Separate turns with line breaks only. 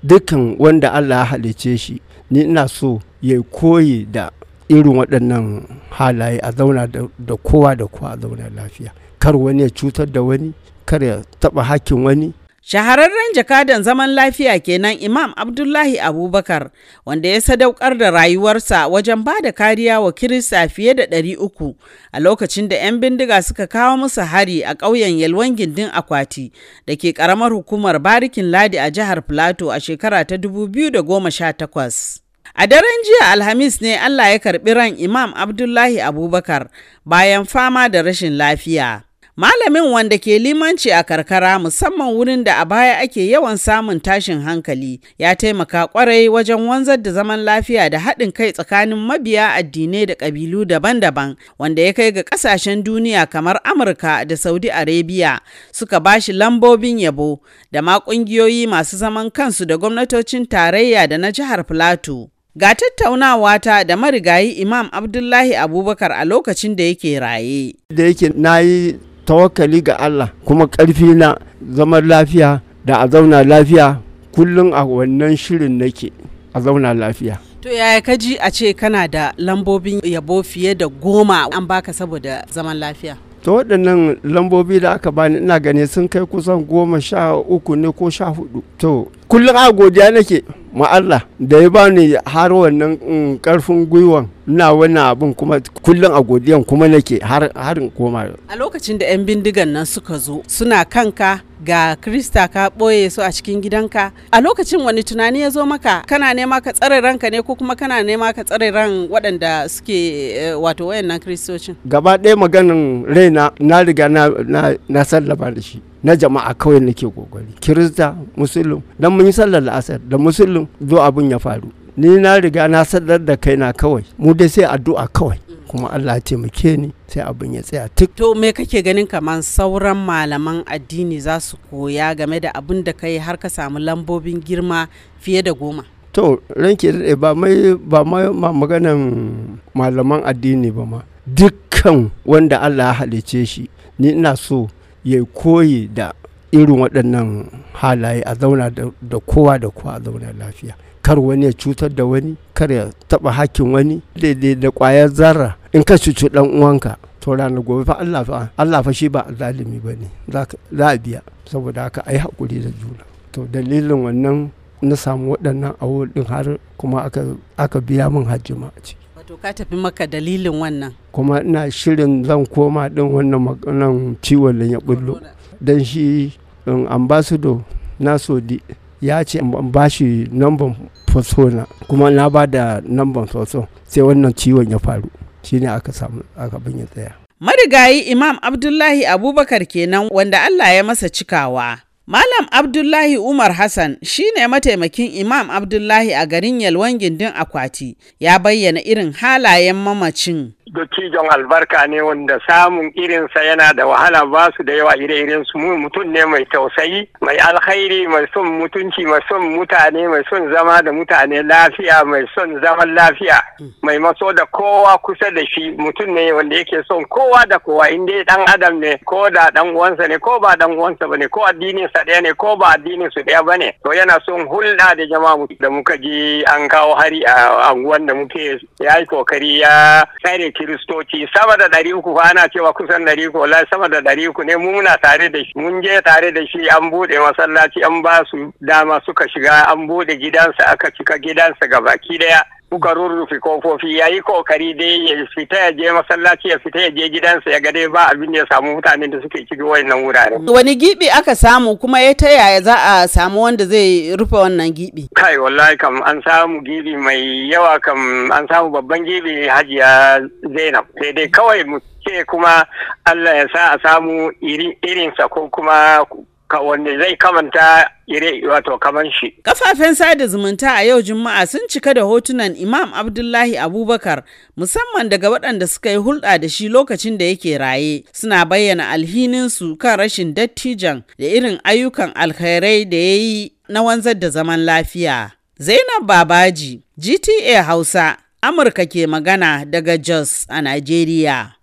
dukan wanda allah ya halice shi ni ina so ya koyi da irin waɗannan halaye a zauna da kowa da kowa a zauna lafiya kar wani ya cutar da wani kar ya taɓa hakkin wani
Shahararren jakadan zaman lafiya kenan Imam Abdullahi Abubakar wanda ya sadaukar da rayuwarsa wajen ba da kariya wa Kirista fiye da ɗari uku a lokacin da 'yan bindiga suka kawo musu hari a ƙauyen Yalwan Gindin Akwati da ke ƙaramar hukumar Barikin Ladi a jihar Filato a shekara ta 2018. A daren jiya Alhamis ne Allah ya karɓi ran Imam Abdullahi Abubakar bayan fama da rashin lafiya. Malamin wanda ke limanci a karkara musamman wurin da a baya ake yawan samun tashin hankali ya taimaka kwarai wajen wanzar da zaman lafiya da haɗin kai tsakanin mabiya addinai da ƙabilu daban-daban wanda ya kai ga ƙasashen duniya kamar Amurka da Saudi Arabia suka bashi lambobin yabo da ma ƙungiyoyi masu zaman kansu da gwamnatocin tarayya da na jihar Plateau. Ga tattaunawa ta da marigayi Imam Abdullahi Abubakar a lokacin da yake raye.
Da yake na yi tawakkali ga Allah kuma ƙarfi na zaman lafiya da a zauna lafiya kullum a wannan shirin nake a zauna lafiya.
To yaya ka ji a ce kana da lambobin yabo fiye da goma an baka saboda zaman lafiya?
To waɗannan lambobi da aka bani ina gane sun kai kusan goma sha uku ne ko sha hudu. To kullum a godiya nake ma da ya bani har wannan karfin mm, gwiwan ina wannan abin kuma kullum a godiyan kuma nake har harin koma
a lokacin da 'yan bindigan nan suka zo suna kanka ga krista ka ɓoye su a cikin gidanka a lokacin wani tunani ya zo maka kana nema ka tsare ranka ne ko kuma kana nema ka tsare ran waɗanda suke eh, wato wayannan kristocin
gaba ɗaya maganin raina na riga na sallaba da shi na jama'a kawai nake kokari kirista musulun dan mun yi sallar la'asar da musulun zo abin ya faru ni na riga na sadar da kaina kawai mu dai sai addu'a kawai kuma Allah ya taimake ni sai abin ya tsaya tuk.
To me kake ganin kaman sauran malaman addini za su koya game da abun da kai har ka samu lambobin girma fiye da goma?
To ranke daɗe ba mai ba ma maganan malaman addini ba ma dukkan wanda Allah ya halicce shi ni ina so ya koyi da irin waɗannan halaye a zauna da kowa da kowa a zauna lafiya kar wani ya cutar da wani kar ya taɓa hakkin wani daidai da ƙwayar zarra in ka cuci ɗan uwanka to ranar gobe fa Allah fa Allah fa shi ba zalimi ba ne za a biya saboda haka a yi haƙuri da juna to dalilin wannan na samu waɗannan awo ɗin har kuma aka biya min hajji ma ce
to ka tafi maka dalilin wannan
kuma ina shirin zan koma din wannan maganan ciwon da ya bullo don shi um, ambassador na sodi ya ce ba shi faso na kuma na ba da namban faso sai wannan ciwon ya faru shine aka samu aka bin ya tsaya
marigayi imam abdullahi abubakar kenan wanda allah ya masa cikawa Malam Abdullahi Umar Hassan shi ne mataimakin Imam Abdullahi a garin Yalwan gindin Akwati ya bayyana irin halayen mamacin.
dattijon albarka ne wanda samun irinsa yana da wahala ba su da yawa ire irin su mutum ne mai tausayi mai alkhairi mai son mutunci mai son mutane mai son zama da mutane lafiya mai son zaman lafiya mai maso da kowa kusa da shi mutum ne wanda yake son kowa da kowa inda ya dan adam ne ko da dan uwansa ne ko ba dan uwansa bane ko addinin sa ɗaya ne ko ba addinin su ɗaya bane to yana son hulɗa da jama'a da muka ji an kawo hari a anguwan da muke ya yi kokari ya tsare kiristoci sama da ɗari uku ko ana cewa kusan ɗari uku wallahi sama da ɗari uku ne mu muna tare da shi mun je tare da shi an buɗe masallaci an ba su dama suka shiga an buɗe gidansa aka cika gidansa gabaki ɗaya kuka rurrufe kofofi ya yi kokari dai ya fita ya je masallaci ya fita ya je gidansa ya ga dai ba abin da ya samu mutane da suke ciki wayannan wurare. Wani
gibi aka samu kuma ya ta yaya za a samu wanda zai rufe wannan gibi?
Kai wallahi kam an samu gibi mai yawa kam an samu babban gibi hajiya Zainab sai dai kawai mu ce kuma Allah ya sa a samu irinsa ko kuma wanda zai kamanta ire wato kaman shi.
Kafafen sada zumunta a yau Juma'a sun cika da hotunan Imam Abdullahi Abubakar musamman daga waɗanda suka yi hulɗa da shi lokacin da yake raye suna bayyana alhininsu kan rashin dattijan da irin ayyukan alkhairai da ya yi na wanzar da zaman lafiya. Zainab Babaji, GTA Hausa, Amurka ke magana daga Jos a Najeriya.